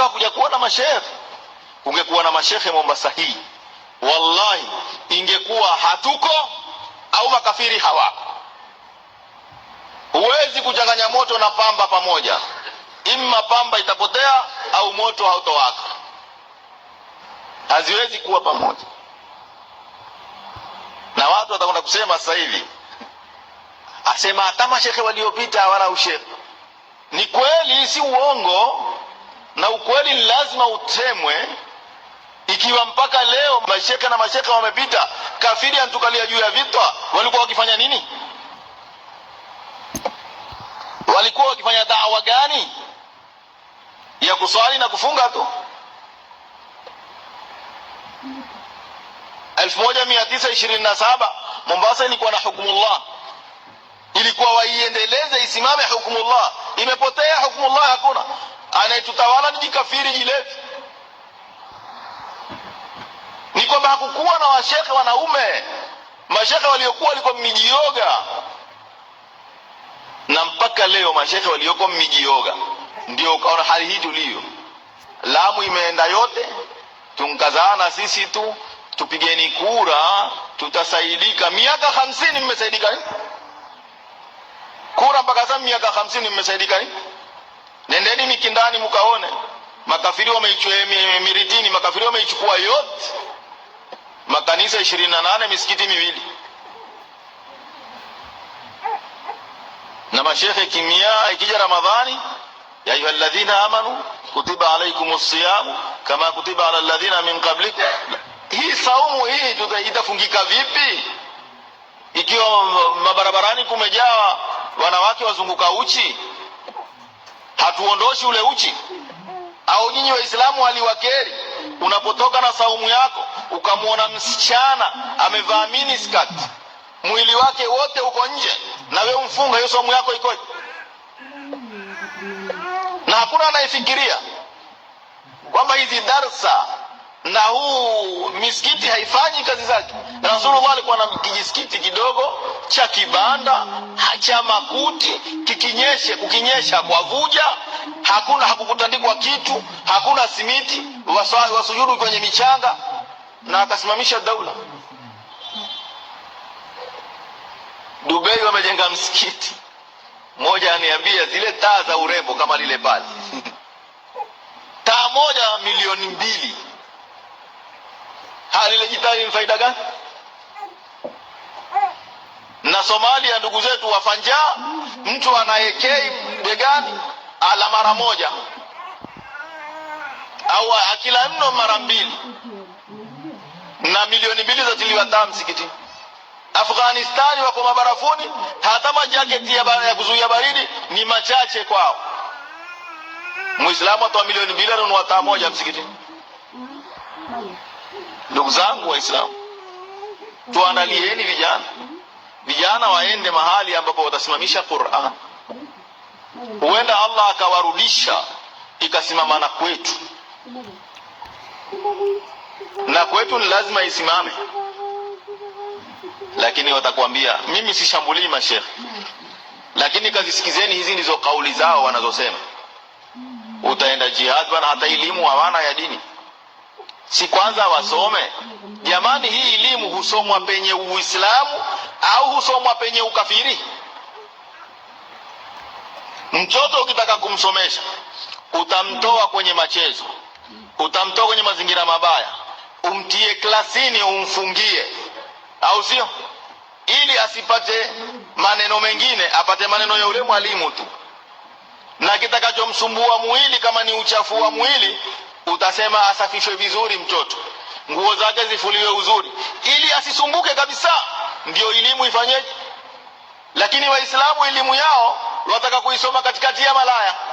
msaada hakuja kuona mashekhe. Ungekuwa na mashehe Mombasa hii, wallahi ingekuwa hatuko au makafiri hawako. Huwezi kuchanganya moto na pamba pamoja, imma pamba itapotea au moto hautowaka, haziwezi kuwa pamoja. Na watu watakwenda kusema sasa hivi, asema hata mashehe waliopita hawana ushehe. Ni kweli, si uongo na ukweli lazima utemwe. Ikiwa mpaka leo masheka na masheka wamepita, kafiri antukalia juu ya vitwa, walikuwa wakifanya nini? Walikuwa wakifanya dawa gani? Ya kuswali na kufunga tu. 1927 Mombasa ilikuwa na hukmullah ilikuwa waiendeleze, isimame hukmullah Imepotea hukmullah hakuna anayetutawala ni jikafiri jilevi. Ni kwamba hakukuwa na washekhe wanaume, mashekhe waliokuwa walikuwa mmijioga, na mpaka leo mashekhe walioko mmijioga, ndio ukaona hali hii tuliyo. Lamu imeenda yote, tunkazana sisi tu, tupigeni kura, tutasaidika. Miaka hamsini mmesaidika nini? Kura mpaka sasa miaka hamsini mmesaidika nini? Nendeni mikindani mkaone, makafiri wameichukua miritini, makafiri wameichukua yote, makanisa ishirini na nane misikiti miwili na mashekhe kimia. Ikija Ramadhani, ya ayuha alladhina amanu kutiba alaikum siyamu kama kutiba ala alladhina min qablikum. Hii saumu hii itafungika vipi ikiwa mabarabarani kumejaa wanawake wazunguka uchi? hatuondoshi ule uchi? Au nyinyi Waislamu waliwakeri, unapotoka na saumu yako ukamwona msichana amevaa mini skirt, mwili wake wote uko nje, na wewe umfunga, hiyo saumu yako ikoje? Na hakuna anayefikiria kwamba hizi darsa na huu misikiti haifanyi kazi zake. Rasulullah alikuwa na kijisikiti kidogo cha kibanda cha makuti, kikinyeshe kukinyesha kwa vuja, hakuna hakukutandikwa kitu, hakuna simiti, wasujudu kwenye michanga, na akasimamisha daula. Dubai wamejenga msikiti moja, aniambia zile taa za urembo kama lile pale, taa moja milioni mbili halilijitahidi faida gani? Na Somalia ndugu zetu wafanja mtu anayekei begani ala mara moja au akila mno mara mbili, na milioni mbili tiliwa taa msikitini. Afghanistani wako mabarafuni, hata majaketi ya kuzuia baridi ni machache kwao. Muislamu atoa milioni mbili anunua taa moja msikitini. Ndugu zangu Waislamu, tuandalieni vijana, vijana waende mahali ambapo watasimamisha Qur'an. Huenda Allah akawarudisha ikasimamana kwetu, na kwetu ni lazima isimame. Lakini watakwambia mimi sishambulii mashekhe, lakini kazisikizeni hizi ndizo kauli zao wanazosema. Utaenda jihad bana, hata elimu hawana ya dini si kwanza wasome? Jamani, hii elimu husomwa penye Uislamu au husomwa penye ukafiri? Mtoto ukitaka kumsomesha utamtoa kwenye machezo, utamtoa kwenye mazingira mabaya, umtie klasini, umfungie, au sio? Ili asipate maneno mengine, apate maneno ya ule mwalimu tu, na kitakachomsumbua mwili, kama ni uchafu wa mwili utasema asafishwe vizuri mtoto, nguo zake zifuliwe uzuri, ili asisumbuke kabisa. Ndio elimu ifanyeje? Lakini Waislamu elimu yao wataka kuisoma katikati ya malaya.